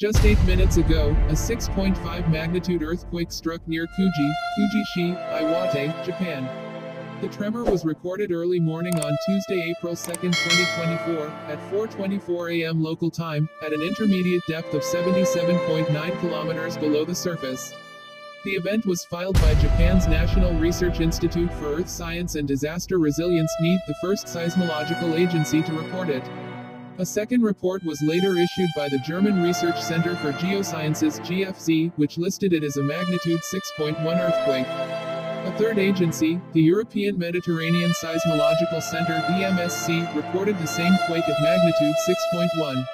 Just eight minutes ago, a 6.5 magnitude earthquake struck near Kuji, Kujishi, Iwate, Japan. The tremor was recorded early morning on Tuesday, April 2, 2024, at 4.24 a.m. local time, at an intermediate depth of 77.9 kilometers below the surface. The event was filed by Japan's National Research Institute for Earth Science and Disaster Resilience NEED, the first seismological agency to report it. A second report was later issued by the German Research Center for Geosciences GFZ, which listed it as a magnitude 6.1 earthquake. A third agency, the European Mediterranean Seismological Center EMSC, reported the same quake at magnitude 6.1.